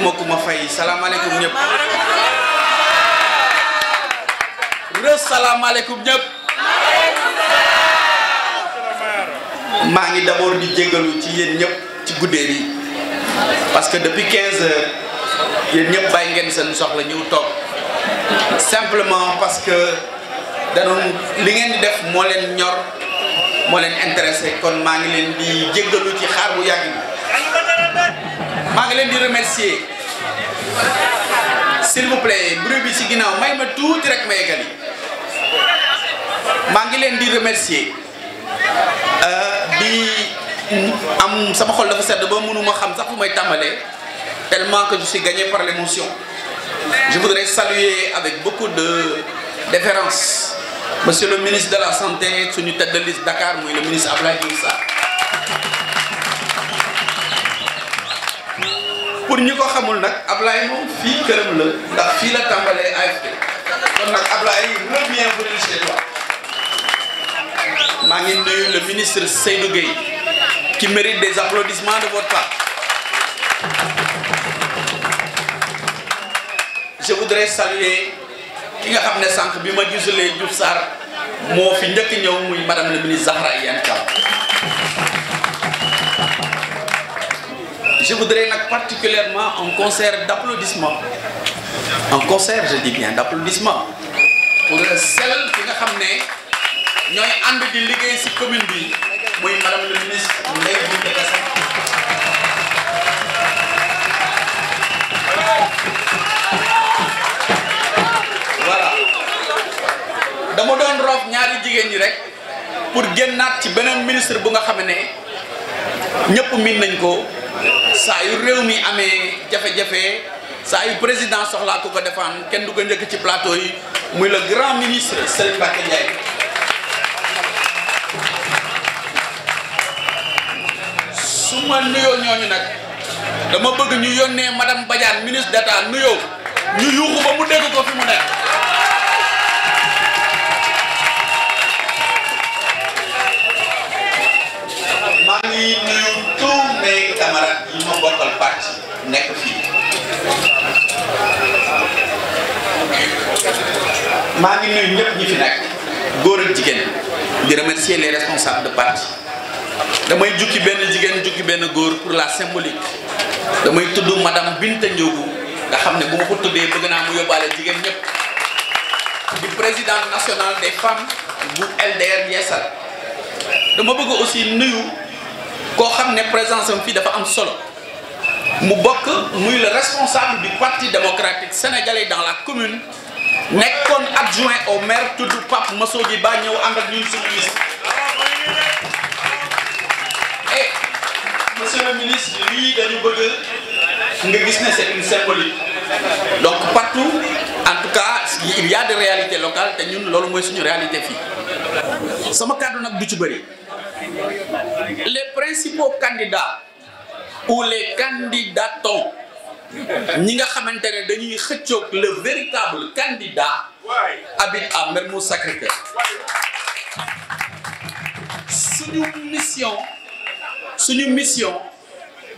ma ku ma fay salaamaaleykum ñëpp. salaamaaleykum ñëpp. maa ngi d'abord di jégalu ci yéen ñëpp ci guddee bi parce que depuis 15 heures yéen ñëpp bàyyi ngeen seen soxla ñëw toog simplement parce que danoon li ngeen di def moo leen ñor moo leen intéressé kon maa ngi leen di jégalu ci xaar bu yàgg bi maa ngi leen di remercier s'il vous plaît bruit bi ci ginnaaw may ma tuuti rek ma yeggali maa ngi leen di remercier euh, di am sama xol dafa sedd ba mënuma xam sax fu may tàmbalee tellement que je suis gagné par l'émotion je voudrais saluer avec beaucoup de déférence monsieur le ministre de la santé suñu tête de liste Dakar muy le ministre Abdoulaye Diouf pour ñu ko xamul nag Ablaye moom fii këram la ndax fii la tàmbalee AFP nag Ablaye bienvenue chez toi maa ngi nuyu le ministre Seydou Gueye qui mérite des applaudissements de votre part je voudrais saluer ki nga xam ne sànq bi ma gisulee Diouf Sarr moo fi njëkk ñëw muy madame le ministre Zahra Iyane je voudrais nag particulièrement un concert d'applaudissements un concert je dis bien d'applaudissements pour celle bi nga xam ne ñooy ànd di liggéey ci commune bi muy madame le ministre Ndeye Bouté Gassama dama doon roof ñaari jigéen ñi rek pour génnaat ci beneen ministre bu nga xam ne ñëpp miin nañ ko saa yu réew mi amee jafe-jafe saa yu président soxlaa ku ko defaan kenn du ko njëkk ci plateau yi muy la grand ministre Serigne Mbacké Ndiaye su ma nuyoo ñooñu nag dama bëgg ñu yónnee madame Badiane ministre d'État nuyoo ñu yuuxu ba mu dégg ko fi mu nekk toogal parti nekk maa ngi nuyu ñëpp ñi fi nekk góor ak jigéen di remercier les responsables de parti damay jukki benn jigéen jukki benn góor pour la symbolique damay tudd madame Binta Ndiogu nga xam ne bu ma ko tuddee bëgg naa mu yóbbaale jigéen ñëpp di présidente nationale des femmes bu LDR Yeesal dama bëgg aussi nuyu koo xam ne présence am fii dafa am solo mu bokk muy le responsable du parti démocratique sénégalais dans la commune nekkoon adjoint au maire tudd Pape Massoji Ba ñëw ànd ak ñun suñu liste. et eh, monsieur le ministre lii dañu bëgg nga gis ne c'est une symbolique donc partout en tout cas il y a des réalités te ñun loolu mooy suñu réalité fii. sama kàddu nag du ci bëri les principaux candidats. ou les candidatons ñi nga xamante ne dañuy xëccoog le véritable candidat habite à Mermoz Sacré-Cœur suñu mission suñu mission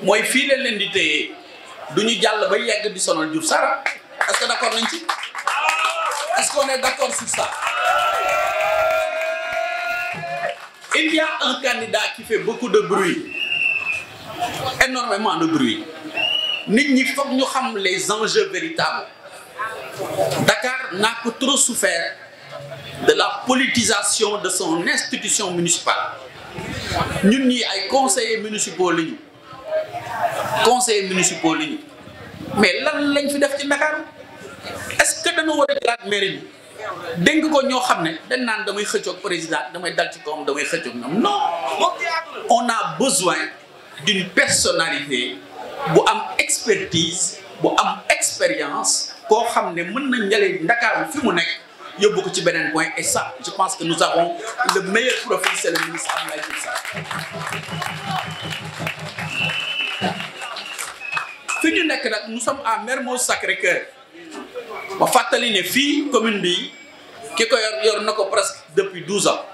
mooy fii leen leen di téye du ñu jàll ba yegg di sonal Diouf Sarr est que d'accord nañ ci est-ce qu'on est d'accord sur ça il y a candidat qui fait beaucoup de bruit énormément de bruit nit ñi foog ñu xam les enjeux véritables Dakar n'a que trop souffert de la politisation de son institution municipale ñun ñi ay conseillers municipaux la ñu conseillers municipaux la ñu mais lan lañ fi def ci Dakar est-ce que dañu war a jëlaat mairie bi dénk ko ñoo xam ne dañ naan damay xëccoog président damay dal ci kom damay xëccoog ñoom non on a besoin d'une personnalité bu am expertise bu am expérience koo xam ne mën nañ ndakaar Ndakaaru fi mu nekk yóbbu ko ci beneen point et ça je pense que nous avons le meilleur profil c'est le ministre Abdoulaye Diouf Sarr fi ñu nekk nag nous sommes à Mermoz Sacré-Cœur ma fàttali ne fii commune bi ki ko yor na ko presque depuis douze ans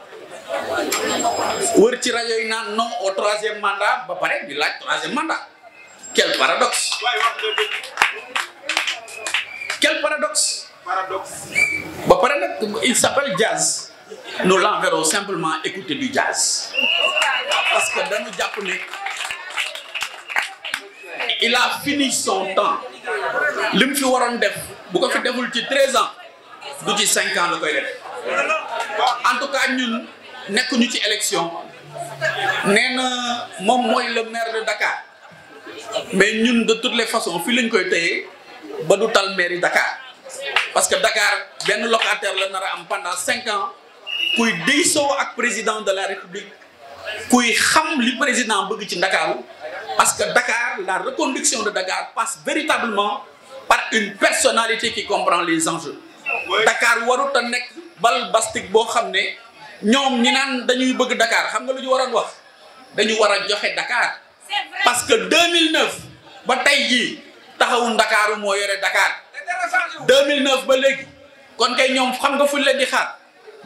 wër ci rajo yi naan non au troisième mandat ba pare di laaj troisième mandat quel paradoxe quel paradoxe ba pare nag il s'appelle jazz nous l'enverrons simplement écouter du jazz parce que dañu jàpp ne il a fini son temps li fi waroon def bu ko fi deful ci treize ans du ci cinq ans la koy def en tout cas ñun nekkuñu ci élection nee na moom mooy le maire de Dakar mais ñun de toutes les façons fii lañ koy téye ba du tal mairie Dakar parce que Dakar benn locataire la nar am pendant cinq ans kuy diisoo ak président de la République kuy xam li président bëgg ci Dakar parce que Dakar la reconduction de Dakar passe véritablement par une personnalité qui comprend les enjeux Dakar warut nekk bal boo xam ne. ñoom ñi naan dañuy bëgg Dakar xam nga lu ñu waroon wax dañu war a joxe Dakar parce que 2009 ba tey jii taxawu Ndakaaru moo yore Dakar 2009 ba léegi kon kay ñoom xam nga fuñ leen di xaar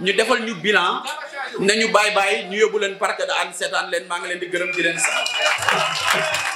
ñu defal ñu bilan nañu bàyyi bàyyi ñu yóbbu leen parc de Hann seetaan leen maa ngi leen di gërëm di leen sax